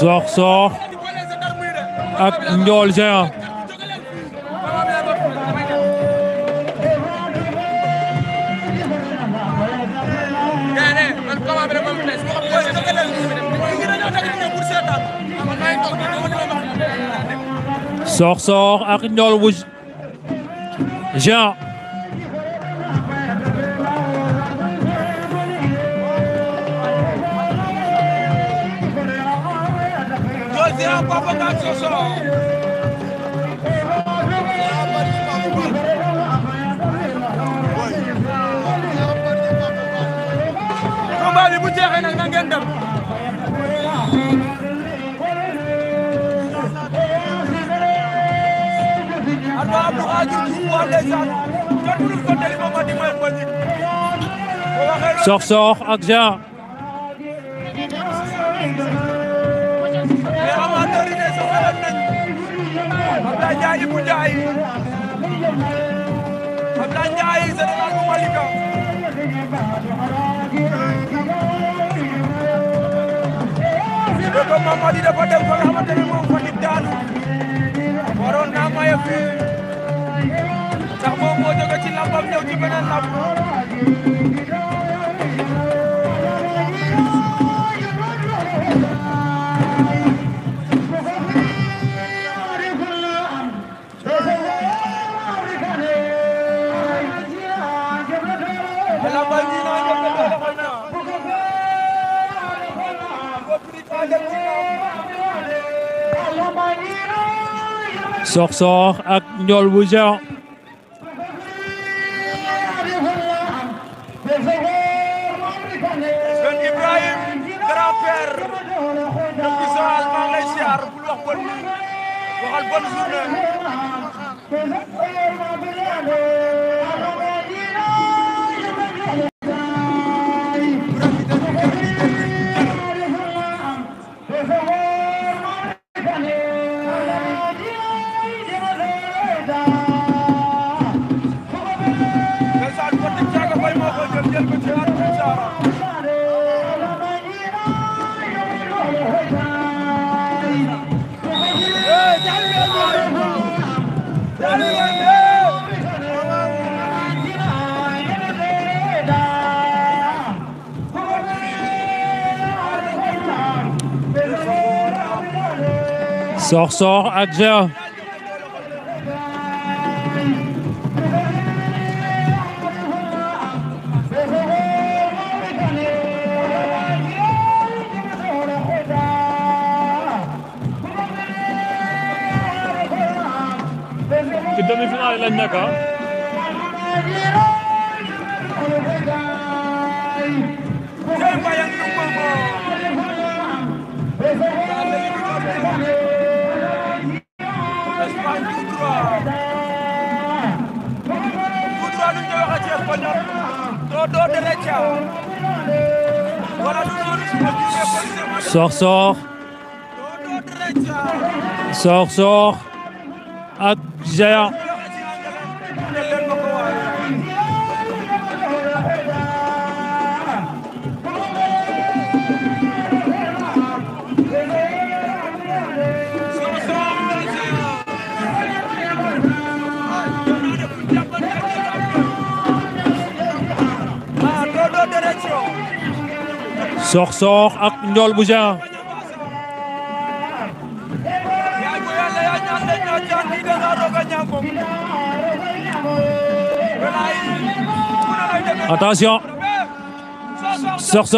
sox sox ak njool géant sox sox ak njool wu géant grand papa Ngagne Sossokh combat bi bu jeexee nag na ngeen dem Alpha Abdou Khadir Diouf wax ndeysaan kenn mënul ko deli moom ma di may ko nit Sossokh ak Jean Abdoulaye Ndiaye Ibou Ndiaye Abdoulaye Ndiaye général bu Malika Ibou ko Mamadi dafa dem fa nga xamante ne moom Fatick daanu waroon naa maye fii sox-sox ak njool bu jan waxal bonne journée Sors, sors, Adja. finale sort, Sors, sors. Ah, Sors, ak ah, Bouja attention Sors,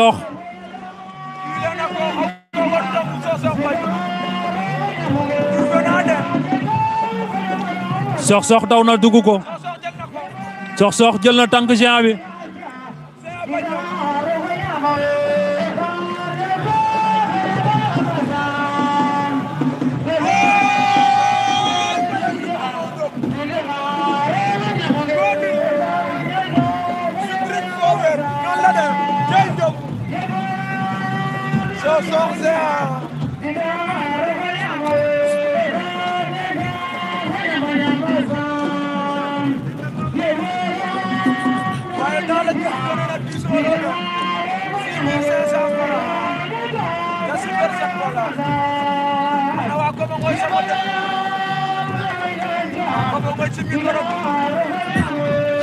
Sort Sors, na dugg ko Sors, sort na tànk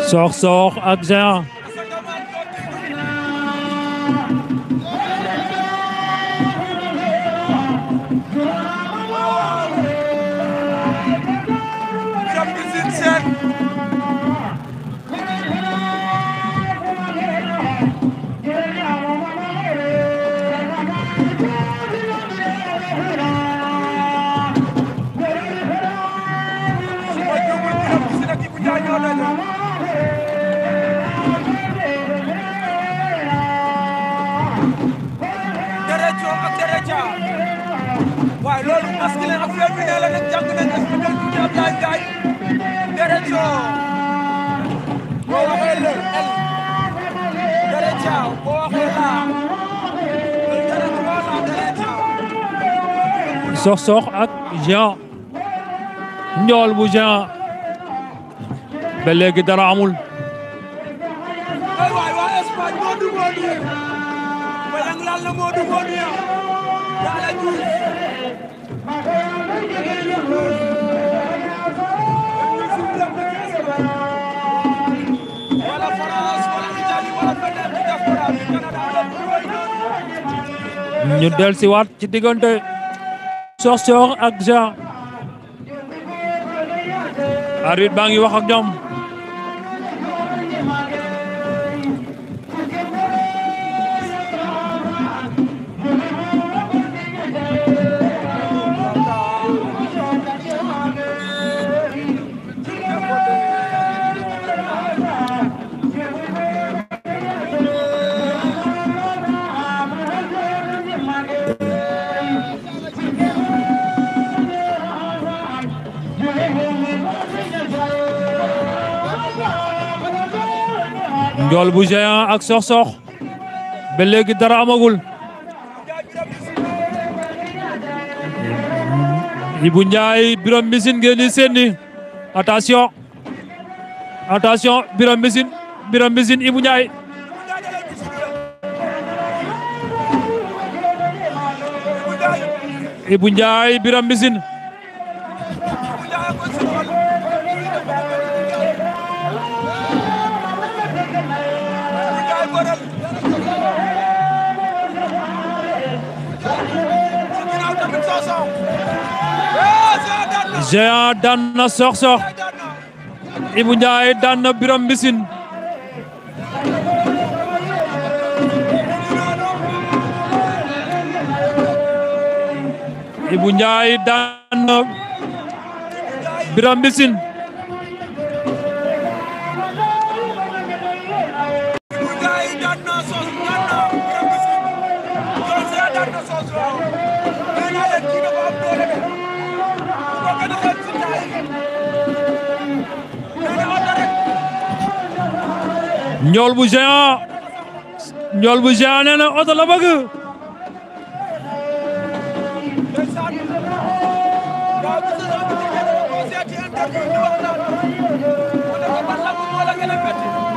Sors, sors, Abzar. fondation ak Dereja waaye loolu masculin ak féminin la nag jàng nañ hospital bu ñu Ablaye Gaye Dereja boo waxee le L Dereja boo Jean njool bu Jean ba léegi dara amul Yàlla moo di góor ya Yàlla Diouf wala France wala Italie wala feneen ci diaspora bi Canada ñu del si waat ci diggante Sokhsokh ak Jean arbitre baa ngi wax ak ñoom njool bu géant ak sox-sox ba léegi dara amagul Ibou Ndiaye Biram Mbissine ngeen di senni attention attention Biram Mbissine Biram Mbissine Ibou Ndiaye Ibou Ndiaye Biram Mbissine góoram Géant daan na Sokh Sokh Ibou Ndiaye daan na Biram Mbissine danno so so non ha il tiro con dole me ma che non ci bu géant ñol bu géant nee na oto la bëgg Thank you.